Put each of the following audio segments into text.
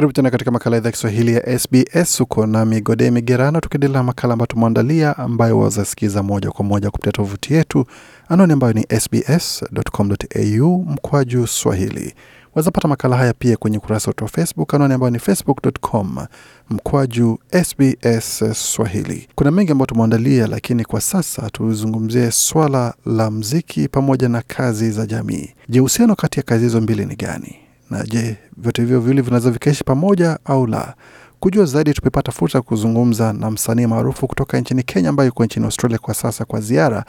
Karibu tena katika makala idhaa Kiswahili ya SBS. Uko nami Gode Migerano, tukiendelea na makala ambayo tumeandalia, ambayo wazasikiza moja kwa moja kupitia tovuti yetu, anwani ambayo ni sbs.com.au mkwaju swahili. Wazapata makala haya pia kwenye ukurasa wetu wa Facebook, anwani ambayo ni facebook.com mkwaju SBS Swahili. Kuna mengi ambayo tumeandalia, lakini kwa sasa tuzungumzie swala la mziki pamoja na kazi za jamii. Je, uhusiano kati ya kazi hizo mbili ni gani? na je, vyote hivyo viwili vinaweza vikaishi pamoja au la? Kujua zaidi, tumepata fursa ya kuzungumza na msanii maarufu kutoka nchini Kenya ambaye yuko nchini Australia kwa sasa kwa ziara,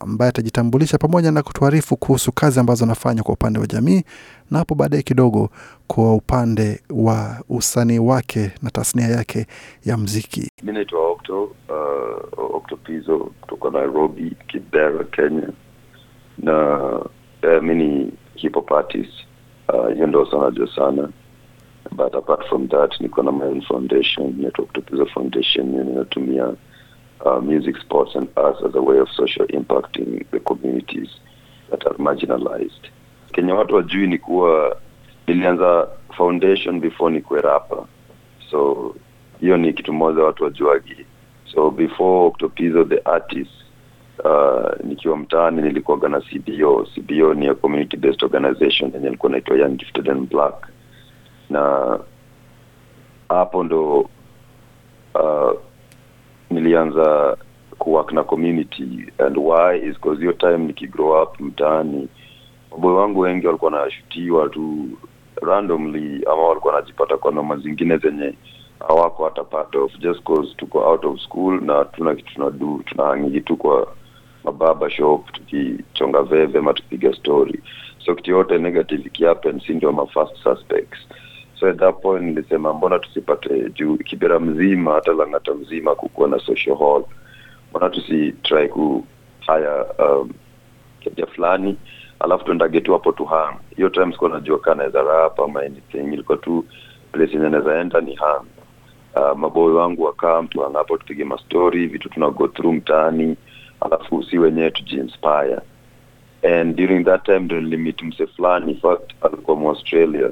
ambaye atajitambulisha pamoja na kutuarifu kuhusu kazi ambazo anafanya kwa upande wa jamii, na hapo baadaye kidogo kwa upande wa usanii wake na tasnia yake ya mziki. Mi naitwa Octo, uh, Octo Pizzo kutoka Nairobi, Kibera, Kenya na uh, mi ni hip hop artist Ah, hiyo uh, ndo sanajua sana but apart from that niko na my own foundation network tukizo foundation inatumia uh, ah, music sports and arts as a way of social impacting the communities that are marginalized kenye watu wajui ni kuwa nilianza foundation before nikuwe rapa so hiyo ni kitu moja watu wajuagi so before octopizo the artist uh, nikiwa mtaani nilikuwaga na CBO. CBO ni a community based organization yenye likuwa naitwa Young Gifted and Black, na hapo ndo uh, nilianza kuwork na community and why is cause hiyo time nikigrow up mtaani, waboy wangu wengi walikuwa wanashutiwa tu randomly, ama walikuwa wanajipata kwa noma zingine zenye hawako hata part of just cause tuko out of school na tuna kitu tunadu tunahangiki tu kwa mababa shop tukichonga veve ama tukipiga story so kitu yote negative ikihappen si ndio ma first suspects so at that point nilisema mbona tusipate juu kibera mzima hata langata mzima kukuwa na social hall mbona tusi tusitry ku haya um, kaja fulani alafu tuendage tu hapo tu hang hiyo time sikuwa najua kaa naweza rap ama anything ilikuwa tu place yenye naweza ni hang uh, maboy wangu wa kamp hapo tupige mastori vitu tuna go through mtaani alafu si wenyewe tujiinspire and during that time ndo nilimit mse fulani in fact alikuwa mwaustralia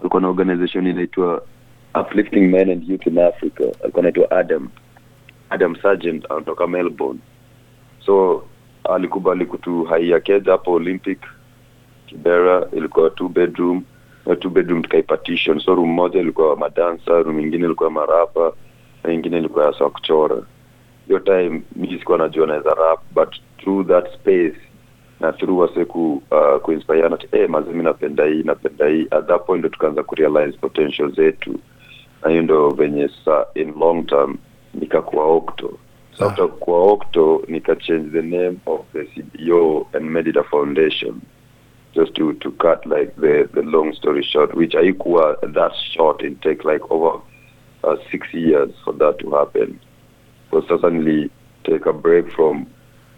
alikuwa na organization inaitwa uplifting men and youth in africa alikuwa anaitwa adam adam sergent anatoka melbourne so alikubali kutuhaia kedha hapo olympic kibera ilikuwa two bedroom na two bedroom tukaipartition so room moja ilikuwa madansa room ingine ilikuwa marapa na ingine ilikuwa yasa kuchora hiyo time mi sikuwa najua naweza rap but through that space na through wase ku uh, kuinspire na eh, mazimi napenda hii napenda hii at that point ndo tukaanza kurealize potential zetu na hiyo ndo venye sa in long term nikakuwa okto sata after ah. kuwa okto nika change the name of the cbo and medida foundation just to to cut like the the long story short which haikuwa that short in take like over uh, six years for that to happen kwa sasa nili take a break from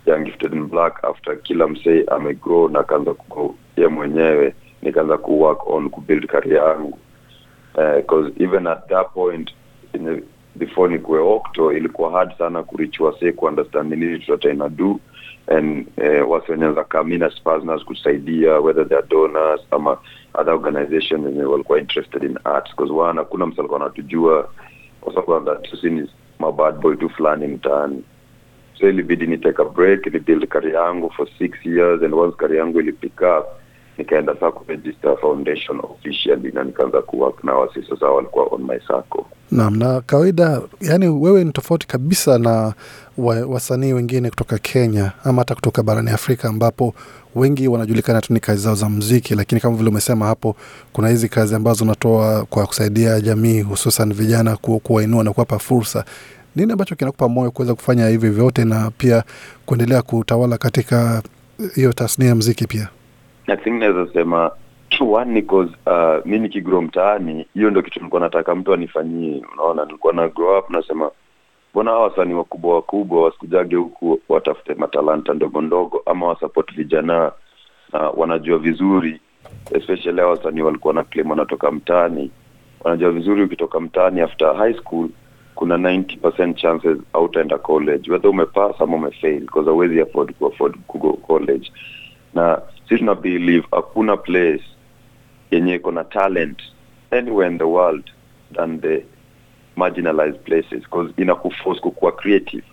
Young Gifted in Black after kila msee amegrow na kaanza kugo ye mwenyewe nikaanza ku work on kubuild career yangu because eh, uh, even at that point in the, before nikuwe okto ilikuwa hard sana kurich wasee kuunderstand nini tutataina do and uh, eh, wase wenyeanza kamina spasnas kusaidia whether they are donors ama other organizations and they were quite interested in arts because wana kuna msalikuwa anatujua kwa sababu that sisi ma boy tu fulani mtaani so ilibidi ni take a break, rebuild kari yangu for six years and once kari yangu ilipick up nikaenda saa register foundation officially na nikaanza kuwork na wasi sasa walikuwa on my na kawaida, yani wewe ni tofauti kabisa na wa, wasanii wengine kutoka Kenya ama hata kutoka barani Afrika ambapo wengi wanajulikana tu ni kazi zao za mziki, lakini kama vile umesema hapo, kuna hizi kazi ambazo unatoa kwa kusaidia jamii, hususan vijana, kuwainua na kuwapa fursa. Nini ambacho kinakupa moyo kuweza kufanya hivi vyote na pia kuendelea kutawala katika hiyo tasnia ya mziki pia? na think naweza sema one because uh, mi nikigrow mtaani, hiyo ndio kitu nilikuwa nataka mtu anifanyie. Unaona, nilikuwa na grow up nasema, mbona hawa wasanii wakubwa wakubwa wasikujage huku watafute matalanta ndogo ndogo, ama wasupport vijana na uh, wanajua vizuri, especially hawa wasanii walikuwa na claim wanatoka mtaani, wanajua vizuri ukitoka mtaani after high school kuna 90% chances hautaenda college whether umepass ama umefail, because hauwezi afford ku kugo ku college na si tuna believe hakuna place yenye iko na talent anywhere in the world than the marginalized places because kuforce kukuwa creative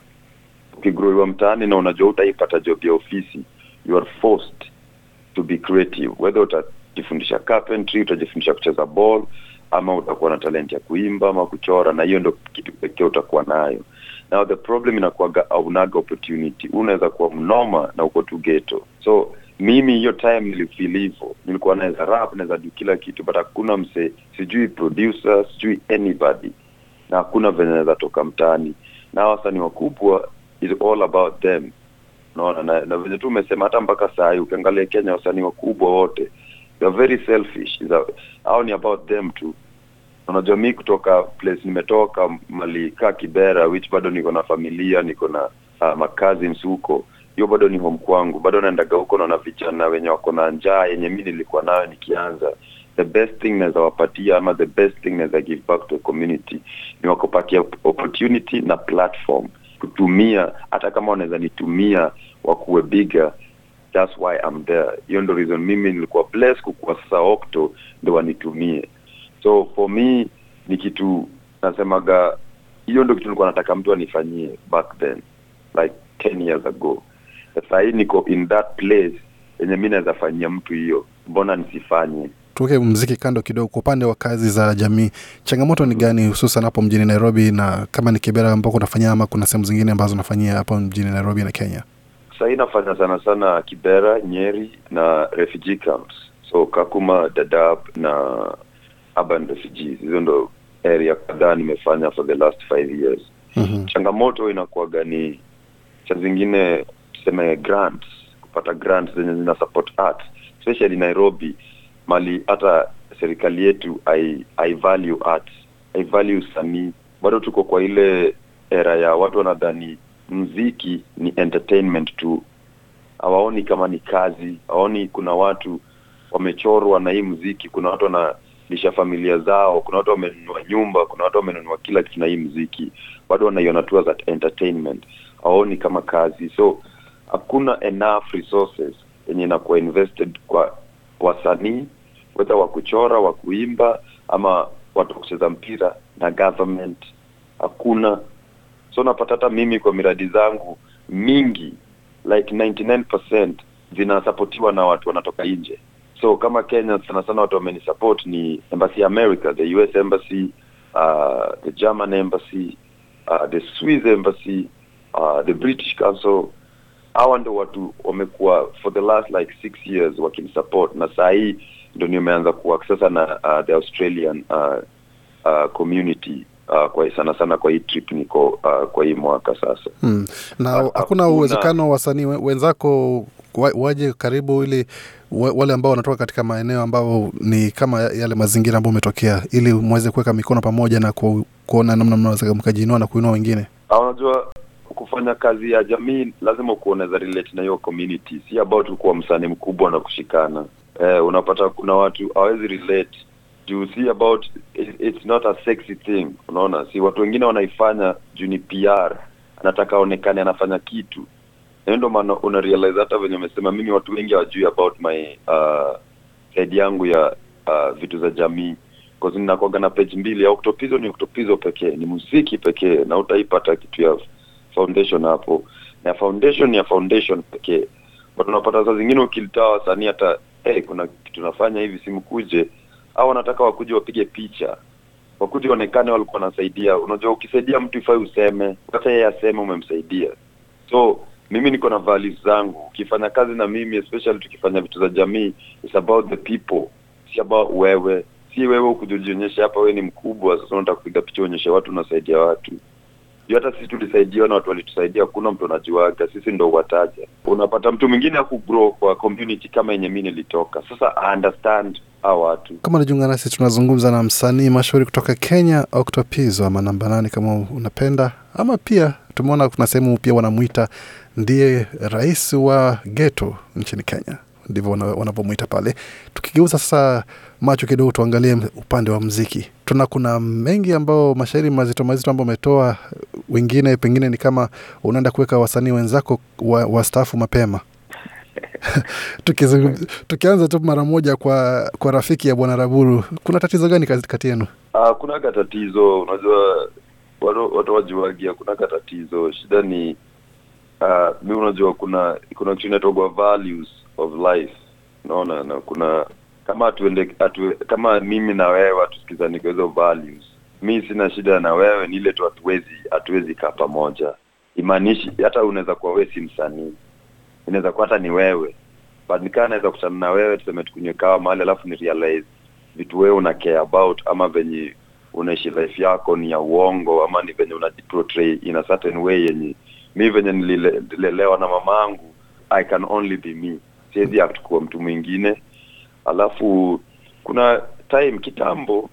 ukigroiwa mtaani na unajua utaipata job ya ofisi you are forced to be creative whether utajifundisha carpentry utajifundisha kucheza ball ama utakuwa na talent ya kuimba ama kuchora na hiyo ndo kitu pekee utakuwa nayo now the problem inakuwaga aunaga opportunity unaweza kuwa mnoma na uko tu geto so mimi hiyo time nilifeel hivo nilikuwa naweza rap naweza juu kila kitu, but hakuna mse, sijui producer, sijui anybody, na hakuna venye naweza toka mtaani, na wasanii wakubwa is all about them, naona na, na venye tu umesema, hata mpaka sahii ukiangalia Kenya wasani wakubwa wote they very selfish, au ni about them tu. Unajua, mi kutoka place nimetoka malikaa Kibera, which bado niko na familia, niko na uh, ah, makazi huko hiyo bado ni home kwangu, bado naendaga huko naona vijana wenye wako na njaa yenye mi nilikuwa nayo nikianza. The best thing naweza wapatia ama the best thing naweza give back to the community ni wakupatia opportunity na platform kutumia, hata kama wanaweza nitumia wakuwe bigger that's why I'm there. Hiyo ndo reason mimi nilikuwa bless kukuwa sasa Okto ndo wanitumie. So for me ni kitu nasemaga, hiyo ndo kitu nilikuwa nataka mtu anifanyie back then like 10 years ago. Sasa hii niko in that place yenye mi naweza fanyia mtu hiyo, mbona nisifanye? Tuweke mziki kando kidogo. Kwa upande wa kazi za jamii, changamoto ni gani, hususan hapo mjini Nairobi, na kama ni Kibera ambako unafanyia ama kuna sehemu zingine ambazo unafanyia hapo mjini Nairobi na Kenya? Sasa hii nafanya sana sana Kibera, Nyeri na refugee camps, so Kakuma, dadab na urban refugees. Hizo ndo area kadhaa nimefanya for the last five years. Mm-hmm. Changamoto inakuwa gani cha zingine tuseme grants, kupata grants zenye zina support art especially Nairobi, mali hata serikali yetu i, I value art, i value sanii. Bado tuko kwa ile era ya watu wanadhani mziki ni entertainment tu, hawaoni kama ni kazi, hawaoni kuna watu wamechorwa na hii mziki, kuna watu wanalisha familia zao, kuna watu wamenunua nyumba, kuna watu wamenunua kila kitu na hii mziki. Bado wanaiona tu as entertainment, hawaoni kama kazi so hakuna enough resources yenye inakuwa invested kwa wasanii whether wa kuchora wa kuimba ama watu kucheza mpira na government hakuna so napata hata mimi kwa miradi zangu mingi like 99% zinasapotiwa na watu wanatoka nje so kama kenya sana sana watu support ni embassy america the us embassy uh, the german embassy uh, the swiss embassy uh, the british council hawa ndo watu wamekuwa for the last like six years wakimsupport na saa hii ndo nimeanza kuwak sasa na uh, the australian uh, uh, community uh, kwa sana sana kwa hii trip niko uh, kwa hii mwaka sasa hmm. na hakuna uwezekano uwezekano wasanii wenzako waje karibu ili wale ambao wanatoka katika maeneo ambayo ni kama yale mazingira ambayo umetokea ili mweze kuweka mikono pamoja na ku, kuona namna mnaweza mkajiinua na kuinua wengine ah, unajua kufanya kazi ya jamii lazima kuoneza relate na hiyo community, si about kuwa msanii mkubwa na kushikana. Eh, unapata kuna watu hawezi relate juu si about it, it's not a sexy thing. Unaona, si watu wengine wanaifanya juu ni PR, anataka aonekane anafanya kitu. ndio maana una realize hata venye umesema, mimi watu wengi hawajui about my uh, side yangu ya uh, vitu za jamii cause ninakuaga na page mbili ya Octopizo. Ni Octopizo pekee, ni muziki pekee, na utaipata kitu ya foundation hapo na foundation ya foundation pekee but unapata saa zingine ukilitaa wasanii hata hey, kuna kitu nafanya hivi simkuje au wanataka wakuja wapige picha wakuja waonekane walikuwa wanasaidia unajua ukisaidia mtu ifai useme hata yeye aseme umemsaidia so mimi niko na vali zangu ukifanya kazi na mimi especially tukifanya vitu za jamii it's about the people si about wewe si wewe ukujionyesha hapa wewe ni mkubwa sasa unataka kupiga picha uonyeshe watu unasaidia watu juu hata sisi tulisaidiwa na watu walitusaidia, hakuna mtu anajuaga, sisi ndo wataja. Unapata mtu mwingine hakugrow kwa community kama yenye mi nilitoka. Sasa I understand watu. Kama najunga nasi, tunazungumza na msanii mashuhuri kutoka Kenya, Octopizzo ama namba nane kama unapenda, ama pia tumeona kuna sehemu pia wanamwita ndiye rais wa geto nchini Kenya, ndivyo wanavyomwita pale. Tukigeuza sasa macho kidogo, tuangalie upande wa mziki, tuna kuna mengi ambao mashairi mazito mazito ambayo umetoa wengine pengine ni kama unaenda kuweka wasanii wenzako wastaafu wa, mapema tukianza tu mara moja kwa kwa rafiki ya bwana Raburu, kuna tatizo gani kati yenu? Uh, ah, tatizo, unajua watu, wajuagia kunaka tatizo. Shida ni uh, mi unajua kuna kuna kitu values of life, na kuna kama atuende atu, kama mimi na wewe hatusikizani kwa hizo values mi sina shida na wewe, ni ile tu hatuwezi hatuwezi kaa pamoja. Imaanishi hata unaweza kuwa wewe si msanii, inaweza kuwa hata ni wewe but nikaa naweza kutana na wewe tuseme tukunywe kawa mahali, alafu ni realize vitu wewe una care about ama venye unaishi life yako ni ya uongo ama ni venye unajiportray in a certain way yenye mi venye nililelewa na mamangu I can only be me, siwezi act mtu mwingine. Alafu kuna time kitambo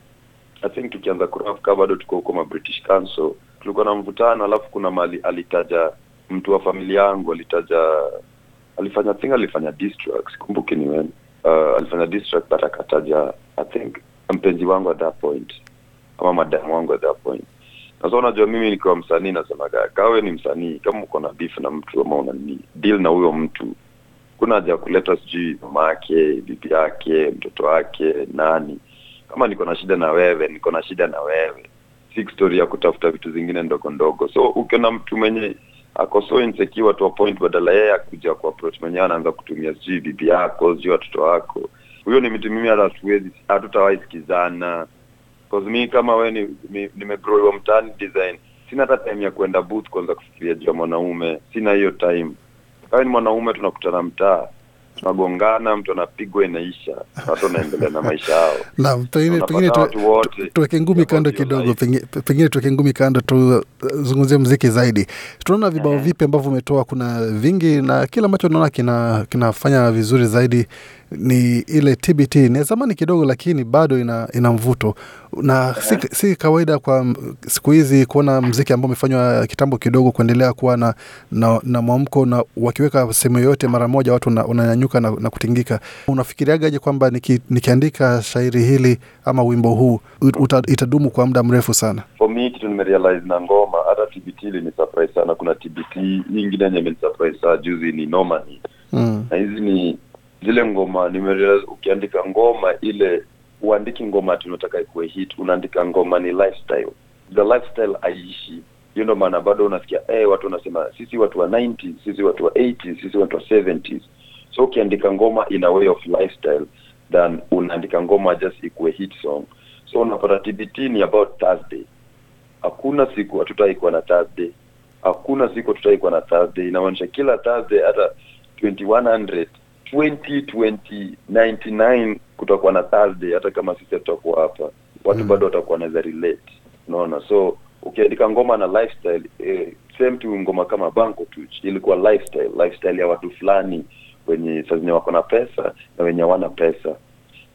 I think tukianza kurafka bado tuko huko ma British Council, tulikuwa na mvutano, alafu kuna mali alitaja mtu wa familia yangu alitaja, alifanya thing, alifanya diss track, ni nani uh, alifanya diss but akataja I think mpenzi wangu at that point ama madamu wangu at that point. Na sasa unajua, mimi nikiwa msanii nasemaga, kawe ni msanii, kama uko na beef na mtu ama una nini deal na huyo mtu, kuna haja kuleta sijui mama yake, bibi yake, mtoto wake, nani kama niko na shida na wewe, niko na shida na wewe, si story ya kutafuta vitu zingine ndogo ndogo. So ukiona mtu mwenye ako so insecure to a point, badala yeye akuja ku approach mwenyewe anaanza kutumia sijui bibi yako sijui watoto wako, huyo ni mtu mimi hata siwezi, hatutawahi sikizana mi kama wewe nimegroiwa ni, ni mtaani design, sina hata time ya kuenda booth kwanza kufikiria juu ya mwanaume, sina hiyo time. Kama ni mwanaume tunakutana mtaa tunagongana, mtu anapigwa, inaisha, watu wanaendelea na maisha yao. Naam, pengine pengine tuweke ngumi kando kidogo, pengine tuweke ngumi kando, tuzungumzie mziki zaidi. Tunaona vibao vipi ambavyo umetoa? Kuna vingi na kila ambacho unaona kina kinafanya vizuri zaidi ni ile TBT ni zamani kidogo, lakini bado ina, ina mvuto na si, si kawaida kwa siku hizi kuona mziki ambao umefanywa kitambo kidogo kuendelea kuwa na, na, na mwamko na wakiweka sehemu yoyote mara moja watu unanyanyuka na, na kutingika. Unafikiriagaje kwamba niki, nikiandika shairi hili ama wimbo huu uta, itadumu kwa muda mrefu sana? For me kitu nimerealize na ngoma, hata TBT ilinisurprise sana. Kuna TBT nyingine yenye imenisurprise juzi ni Nomani mm. na hizi ni zile ngoma nimeeleza ukiandika ngoma ile uandiki ngoma tunataka ikuwe hit unaandika ngoma ni lifestyle the lifestyle aiishi hiyo ndo maana bado unasikia eh, watu wanasema sisi watu wa 90 sisi watu wa 80 sisi watu wa 70s so ukiandika ngoma in a way of lifestyle than unaandika ngoma just ikuwe hit song so unapata tbt ni about thursday hakuna siku hatutai hatutaikuwa na thursday hakuna siku hatutaikuwa na thursday inamaanisha kila thursday hata 2100 2020 kutakuwa na Thursday, hata kama sisi tutakuwa hapa watu mm. bado watakuwa naweza relate, unaona. So ukiandika ngoma na lifestyle eh, same tu ngoma kama Banko Tuch ilikuwa lifestyle, lifestyle ya watu fulani wenye saa wako na pesa na wenye hawana pesa,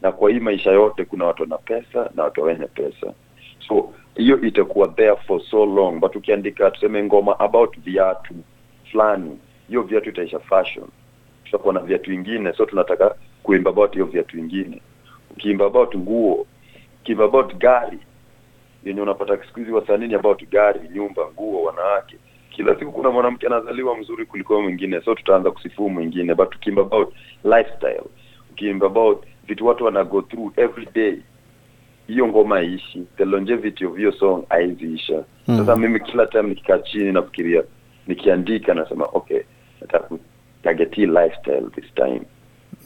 na kwa hii maisha yote kuna watu wana pesa na watu wenye pesa, so hiyo itakuwa there for so long. But ukiandika tuseme ngoma about viatu fulani, hiyo viatu itaisha fashion tutakuwa na viatu vingine so tunataka kuimba about hiyo viatu vingine ukiimba about nguo ukiimba about gari yenye unapata siku hizi wasanii about gari nyumba nguo wanawake kila siku kuna mwanamke anazaliwa mzuri kuliko mwingine so tutaanza kusifuu mwingine but ukiimba about lifestyle ukiimba about vitu watu wana go through every day hiyo ngoma iishi the longevity of hiyo song aiziisha hmm. sasa mm. mimi kila time nikikaa chini nafikiria nikiandika nasema okay nataka target lifestyle this time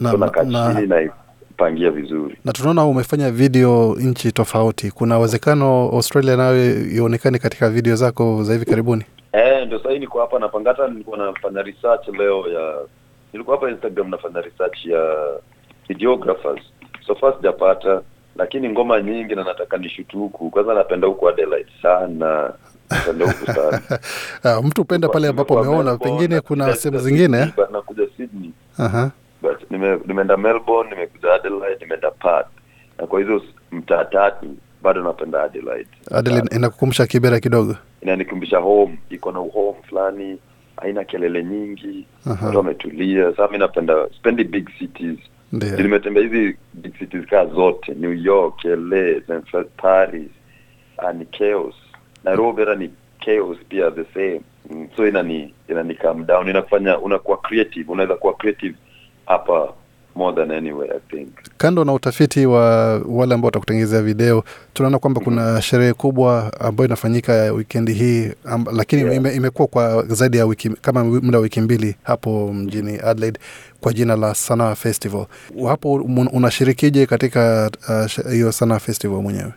na, so na, naipangia vizuri na tunaona umefanya video nchi tofauti kuna uwezekano australia nayo ionekane katika video zako za hivi karibuni eh, ndio sahii niko hapa hata nilikuwa nafanya research leo ya nilikuwa hapa instagram nafanya research ya videographers so far sijapata lakini ngoma nyingi na nataka nishutu huku kwanza napenda huku adelaide sana uh, mtu upenda pale ambapo umeona pengine kuna sehemu zingine nakuja Sydney uh-huh. but nimeenda Melbourne, nimekuja Adelaide, nimeenda Perth na kwa hizo mtaa tatu bado napenda Adelaide. Adelaide inakukumbusha Kibera kidogo, inanikumbisha home, iko na uhome fulani, haina kelele nyingi, watu uh-huh. wametulia. Sasa mimi napenda, big cities ndio nimetembea hizi big cities kaa zote New York, LA, Paris, ah, ni chaos Nairobi hata ni chaos pia the same, mm, so inani inani calm down, inafanya unakuwa creative, unaweza kuwa creative hapa more than anywhere I think. Kando na utafiti wa wale ambao watakutengenezea video, tunaona kwamba mm -hmm. kuna sherehe kubwa ambayo inafanyika wikendi hii amb, lakini yeah. ime, imekuwa kwa zaidi ya wiki kama muda wa wiki mbili hapo mjini Adelaide kwa jina la Sanaa Festival. Hapo unashirikije katika uh, hiyo uh, Sanaa Festival mwenyewe?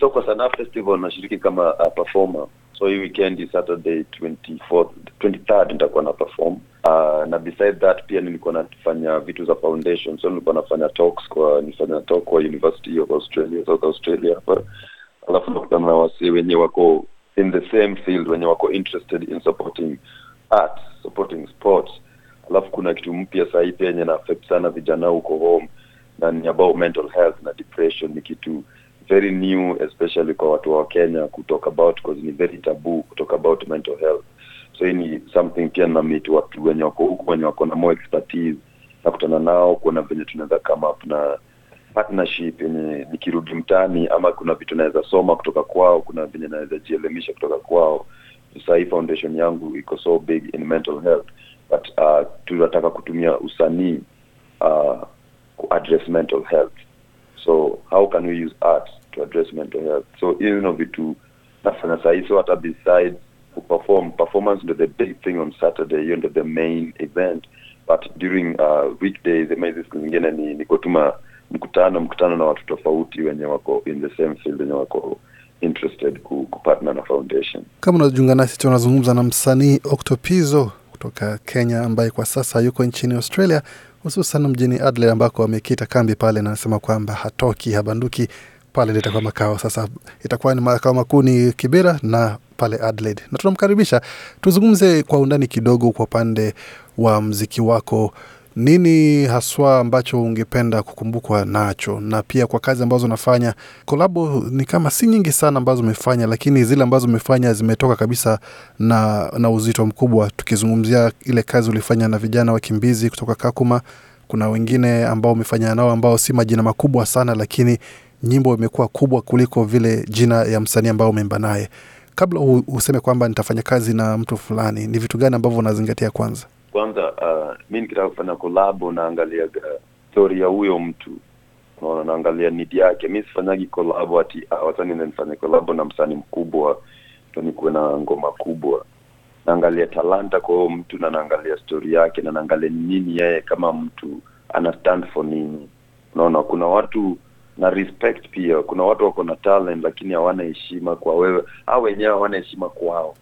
So kwa Sanaa Festival nashiriki kama uh, performer. So hii weekend Saturday 24 th 23rd nitakuwa na perform uh, na beside that pia nilikuwa nafanya vitu za foundation. So nilikuwa nafanya talks kwa nifanya talk kwa University of Australia, South Australia hapa, alafu nakutana na wasi wenye wako in the same field, wenye wako interested in supporting art, supporting sports. Alafu kuna kitu mpya sahii pia yenye na affect sana vijana huko home, na ni about mental health na depression, ni kitu very new especially kwa watu wa Kenya kutalk about because ni very taboo kutalk about mental health so hii ni something pia na meet watu wenye wako huku wenye wako na more expertise nakutana nao kuona venye tunaweza come up na partnership yenye nikirudi mtani ama kuna vitu naweza soma kutoka kwao kuna venye naweza jielemisha kutoka kwao sahii foundation yangu iko so big in mental health but uh, tunataka kutumia usanii uh, kuaddress mental health so how can we use art to address mental health so hiyo ino vitu nafanya sahii so hata besides kuperform performance ndo the big thing on saturday hiyo ndo the main event but during uh, weekdays maybe siku zingine ni nikotuma mkutano mkutano na watu tofauti wenye wako in the same field wenye wako interested kupartner na foundation kama unajiunga nasi tu tunazungumza na msanii octopizo kutoka kenya ambaye kwa sasa yuko nchini australia hususan mjini Adelaide ambako wamekita kambi pale, na anasema kwamba hatoki habanduki pale ndio itakuwa makao sasa, itakuwa ni makao makuu ni Kibera na pale Adelaide, na tunamkaribisha tuzungumze kwa undani kidogo kwa upande wa mziki wako nini haswa ambacho ungependa kukumbukwa nacho? Na pia kwa kazi ambazo unafanya, kolabo ni kama si nyingi sana ambazo umefanya, lakini zile ambazo umefanya zimetoka kabisa na, na uzito mkubwa. Tukizungumzia ile kazi ulifanya na vijana wakimbizi kutoka Kakuma, kuna wengine ambao umefanya nao ambao si majina makubwa sana, lakini nyimbo imekuwa kubwa kuliko vile jina ya msanii ambao umeimba naye. Kabla useme kwamba nitafanya kazi na mtu fulani, ni vitu gani ambavyo unazingatia kwanza? kwanza uh, mi nikitaka kufanya kolabo naangalia uh, stori ya huyo mtu naona naangalia nidi yake mi sifanyagi kolabo ati ah, watani kolabo na msani mkubwa ndo nikuwe na ngoma kubwa naangalia talanta kwa huyo mtu na naangalia stori yake na naangalia nini yeye kama mtu ana stand for nini unaona kuna watu na respect pia kuna watu wako na talent lakini hawana heshima kwa wewe au wenyewe hawana heshima kwao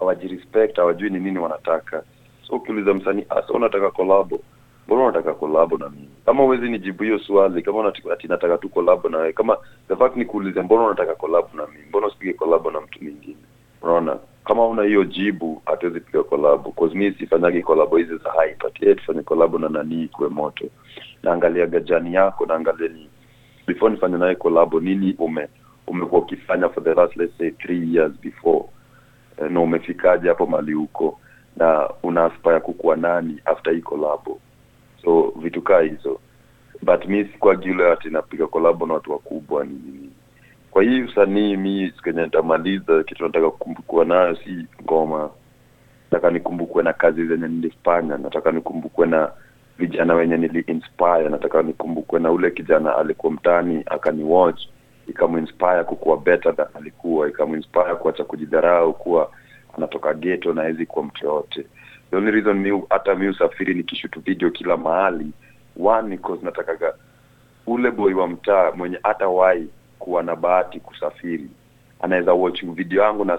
hawajirespect hawajui ni nini wanataka so ukiuliza msanii ah, so unataka kolabo mbona unataka kolabo na mimi kama uwezi nijibu hiyo swali kama ati nataka tu kolabo na wewe kama the fact ni kuuliza mbona unataka kolabo na mimi mbona usipige kolabo na mtu mwingine unaona kama una hiyo jibu hatuwezi piga kolabo cause mi sifanyagi kolabo hizi za hype ati hey, tufanye kolabo na nanii kuwe moto naangalia gajani yako naangalia ni before nifanye naye kolabo nini ume umekuwa ukifanya for the last let's say three years before eh, na umefikaje hapo mali huko na una aspire kukuwa nani after hii kolabo so vitu kaa hizo but mi sikuagi yule ati napiga kolabo na watu wakubwa nini kwa hii usanii mi sikenye nitamaliza kitu nataka kukumbukua nayo si ngoma nataka nikumbukue na kazi zenye nilifanya nataka nikumbukue na vijana wenye niliinspire nataka nikumbukue na ule kijana alikuwa mtani akaniwatch ikamuinspire kukuwa better than alikuwa ikamuinspire kuacha kujidharau kuwa anatoka geto na kuwa mke wote The only reason mi hata mi usafiri nikishutu video kila mahali, one natakaga ule boy wa mtaa mwenye hata wai kuwa na bahati kusafiri anaweza watch video yangu na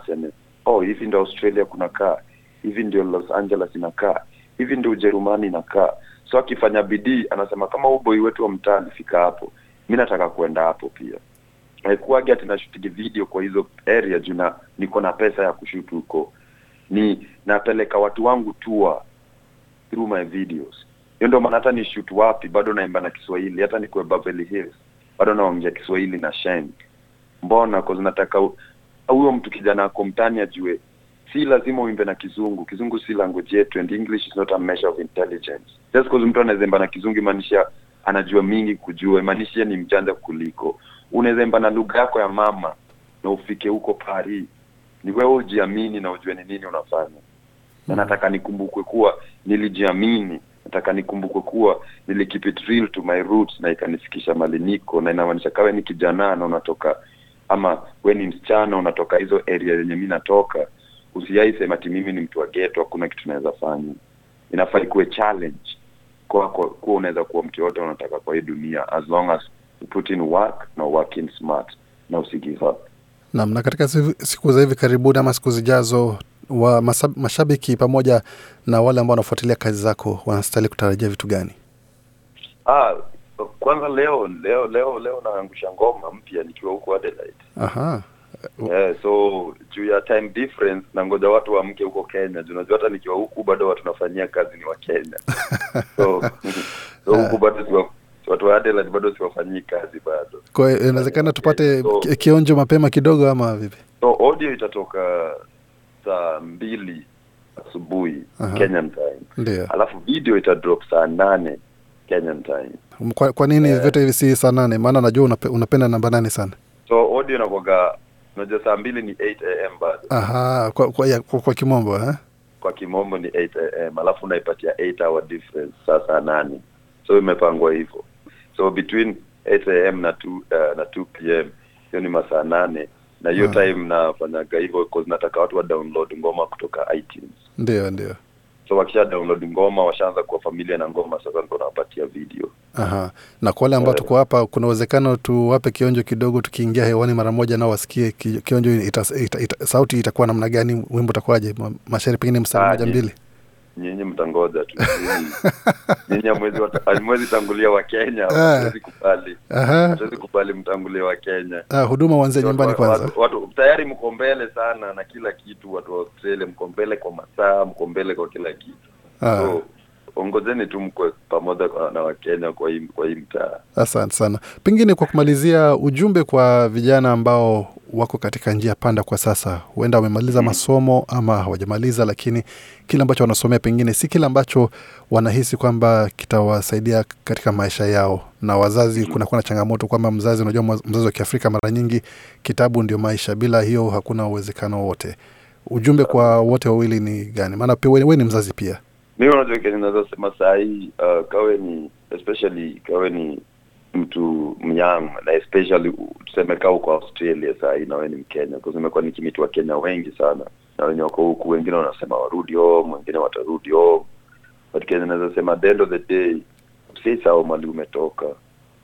oh, hivi ndio Australia kunakaa, hivi ndio Los Angeles inakaa, hivi ndio Ujerumani inakaa. So akifanya bidii anasema kama huyu boy wetu wa mtaa alifika hapo, mi nataka kuenda hapo pia haikuwaga eh, tunashutigi video kwa hizo area juu niko na pesa ya kushutu huko, ni napeleka watu wangu tua through my videos. Hiyo ndio maana hata ni shoot wapi bado naimba na Kiswahili, hata nikuwe Beverly Hills bado naongea Kiswahili na shine. Mbona kwa zinataka huyo mtu kijana ako mtani ajue si lazima uimbe na Kizungu. Kizungu si language yetu, and English is not a measure of intelligence. Just cause mtu anaweza imba na Kizungu maanisha anajua mingi kujua, maanisha ni mjanja kuliko unaweza imba na lugha yako ya mama na ufike huko Paris. Ni wewe ujiamini na ujue ni nini unafanya. Na nataka nikumbukwe kuwa nilijiamini, nataka nikumbukwe kuwa real to my roots na ikanifikisha mali niko, na inamaanisha kawe ni kijana na unatoka ama we ni msichana unatoka hizo area yenye mimi natoka, usiai sema mimi ni mtu wa ghetto, hakuna kitu naweza fanya. Inafaa ikuwe challenge kwa kuwa unaweza kuwa mtu yote unataka kwa hii dunia as long as put in work na work in smart na usigive up. na katika siku za hivi karibuni ama siku zijazo wa masab, mashabiki pamoja na wale ambao wanafuatilia kazi zako wanastahili kutarajia vitu gani? Ah, kwanza leo leo leo leo naangusha ngoma mpya nikiwa huko Adelaide. Aha. Yeah, so juu ya time difference na ngoja watu waamke huko Kenya. Unajua hata nikiwa huku bado watu nafanyia kazi ni wa Kenya. so, so huku bado watu wa Adelaide bado siwafanyii kazi bado. Kwa hiyo inawezekana eh, tupate so, kionjo mapema kidogo ama vipi? So audio itatoka saa mbili asubuhi Kenyan time. Ndio. Alafu video itadrop saa nane Kenyan time. Kwa, kwa nini yeah, vyote hivi si saa nane? Maana najua unape, unapenda namba nane sana. So audio inakuwaga unajua saa mbili ni 8 am bado. Aha, kwa, kwa, ya, kwa, kwa kimombo eh? Kwa kimombo ni 8 am alafu unaipatia 8 hour difference saa saa nane, so imepangwa hivyo so between 8 am na 2 uh, na 2 pm hiyo ni masaa nane na hiyo yeah. time nafanyaga hivyo cause nataka watu wa download ngoma kutoka iTunes. Ndio, ndio. So wakisha download ngoma washaanza kuwa familia na ngoma, sasa ndio nawapatia video. Aha. Na kwa wale ambao eh. tuko hapa, kuna uwezekano tuwape kionjo kidogo, tukiingia hewani mara moja nao wasikie kionjo, ita, ita, ita, sauti itakuwa namna gani, wimbo utakuwaje, mashairi pengine mstari ah, moja mbili nyinyi mtangoja tu nyinyi amwezi tangulia wa Kenya eh. hatuwezi kubali hatuwezi kubali mtangulia wa Kenya ah, huduma uanze nyumbani kwanza watu, watu tayari mko mbele sana na kila kitu watu wa Australia mko mbele kwa masaa mko mbele kwa kila kitu ah. so ongozeni tu mko pamoja na Wakenya kwa hii mtaa. Asante sana. Pengine kwa kumalizia, ujumbe kwa vijana ambao wako katika njia panda kwa sasa, huenda wamemaliza hmm. masomo ama hawajamaliza, lakini kile ambacho wanasomea pengine si kile ambacho wanahisi kwamba kitawasaidia katika maisha yao. Na wazazi, hmm. kunakuwa na changamoto kwamba mzazi, unajua, mzazi wa Kiafrika mara nyingi kitabu ndio maisha, bila hiyo hakuna uwezekano wote. Ujumbe kwa wote wawili ni gani? Maana pia wewe ni mzazi pia. Mimi unajua, naweza sema saa hii uh, kawe ni especially kawe ni mtu mnyang na especially tuseme kaa huko australia saa hii nawe ni mkenya nimekuwa nikimiti wa kenya wengi sana na wenye wako huku wengine wanasema warudi home wengine watarudi home but kenya naweza sema the end of the day si usisahau mali umetoka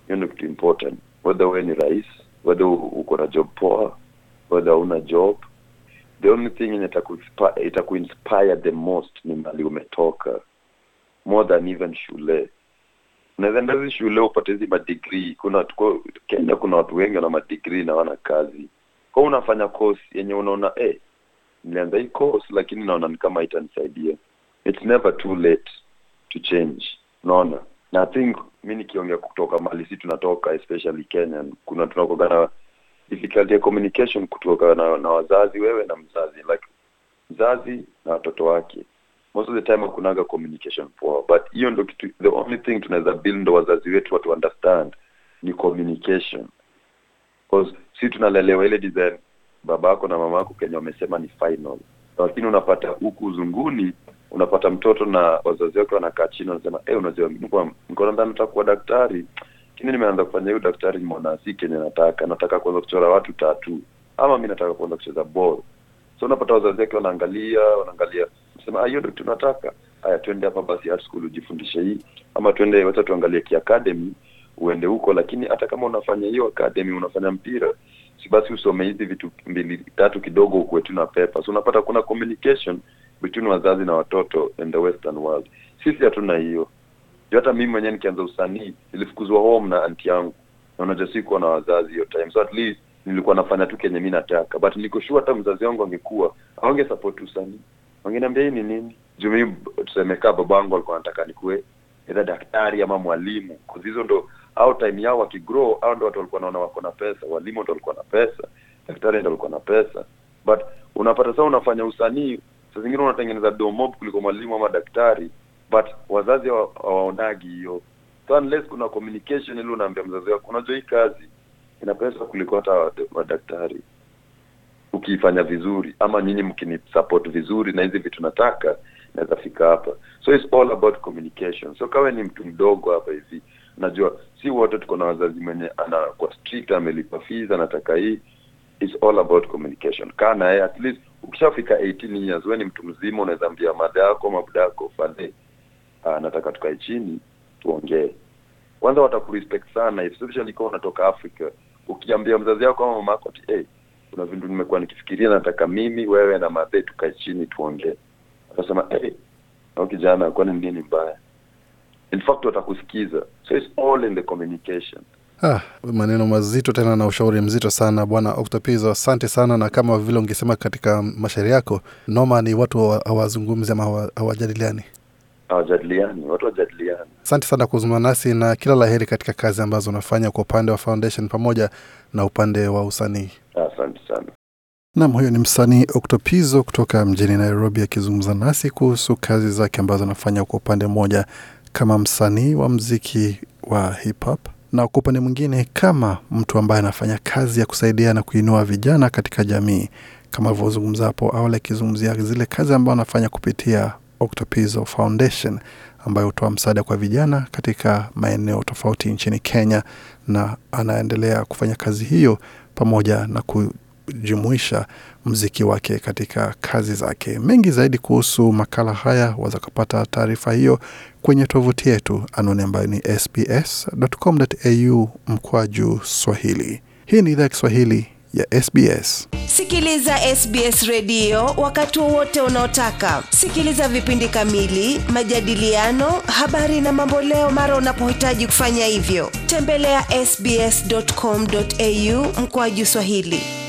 hiyo ni kitu important whether we ni rais whether uko na job poa whether hauna job the only thing yenye itakuinspire the most ni mali umetoka more than even shule nazendazi shule upate hizi madigrii kuna tuko kenya kuna watu wengi wana madigrii na wana kazi kwa unafanya course yenye unaona eh hey, nilianza hii course lakini naona ni kama itanisaidia it's never too late to change unaona na I think mi nikiongea kutoka mali si tunatoka especially kenya kuna tunakoga na difficulty ya communication kutoka na, na wazazi wewe na mzazi like mzazi na watoto wake most of the time hakunaga communication poa but hiyo ndo kitu the only thing tunaweza build ndo wazazi wetu watu understand ni communication because si tunalelewa ile design baba yako na mama yako kenye wamesema ni final lakini unapata huku uzunguni unapata mtoto na wazazi wake wanakaa chini wanasema hey, eh, unajua niko nadhani daktari lakini nimeanza kufanya hiyo daktari nimeona si kenye nataka nataka kuanza kuchora watu tatu ama mi nataka kuanza kucheza ball so unapata wazazi wake wanaangalia wanaangalia sema ah, hiyo ndo tunataka. Haya, twende hapa basi art school ujifundishe hii, ama twende wacha tuangalie ki academy uende huko. Lakini hata kama unafanya hiyo academy, unafanya mpira, si basi usome hizi vitu mbili tatu kidogo, ukuwe tu na pepa. So unapata kuna communication between wazazi na watoto in the western world. Sisi hatuna hiyo. Hata mimi mwenyewe nikianza usanii nilifukuzwa home na anti yangu, na unajua sikuwa na wazazi hiyo time, so at least nilikuwa nafanya tu kenye mi nataka, but niko sure hata mzazi wangu angekuwa aonge support usanii wangeniambia hii ni nini juu mimi tusemekaa kaa babangu alikuwa nataka nikuwe edha daktari ama mwalimu cause hizo ndo au time yao wakigrow au ndo watu walikuwa naona wako na pesa walimu ndo walikuwa na pesa daktari ndo walikuwa na pesa but unapata saa unafanya usanii saa zingine unatengeneza domob kuliko mwalimu ama daktari but wazazi hawaonagi hiyo so unless kuna communication ili unaambia mzazi wako unajua hii kazi ina kuliko hata wadaktari wa ukiifanya vizuri ama nyinyi mkinisupport vizuri na hizi vitu nataka naweza fika hapa so it's all about communication so kawe ni mtu mdogo hapa hivi najua si wote tuko na wazazi mwenye anakuwa strict amelipa fees anataka hii it's all about communication kaa naye at least ukishafika 18 years we ni mtu mzima unaweza mbia madha yako mabuda yako fadhe ah, nataka tukae chini tuongee kwanza watakurespect sana especially kama unatoka africa ukiambia mzazi wako ama mama ti hey, kuna vitu nimekuwa nikifikiria, nataka mimi wewe na madhe tukae chini tuongee. Akasema hey, kijana, kwani nini mbaya? In fact watakusikiza, so it's all in the communication. Ah, maneno mazito tena na ushauri mzito sana bwana octopizo asante sana. Na kama vile ungesema katika mashairi yako, noma ni watu hawazungumzi ama hawajadiliani hawajadiliani, watu wajadiliani. Asante sana kuzungumza nasi na kila laheri katika kazi ambazo unafanya kwa upande wa foundation pamoja na upande wa usanii. Asante sana. Nam, huyo ni msanii Oktopizo kutoka mjini Nairobi akizungumza nasi kuhusu kazi zake ambazo anafanya kwa upande mmoja kama msanii wa mziki wa hip hop na kwa upande mwingine kama mtu ambaye anafanya kazi ya kusaidia na kuinua vijana katika jamii, kama alivyozungumza hapo awali akizungumzia zile kazi ambayo anafanya kupitia Octopizzo Foundation ambayo hutoa msaada kwa vijana katika maeneo tofauti nchini Kenya, na anaendelea kufanya kazi hiyo pamoja na kujumuisha mziki wake katika kazi zake. Mengi zaidi kuhusu makala haya waweza kupata taarifa hiyo kwenye tovuti yetu, anwani ambayo ni sbs.com.au mkwaju Swahili. Hii ni idhaa ya Kiswahili ya SBS. Sikiliza SBS redio wakati wowote unaotaka. Sikiliza vipindi kamili, majadiliano, habari na mamboleo mara unapohitaji kufanya hivyo. Tembelea ya sbs.com.au mkoaju Swahili.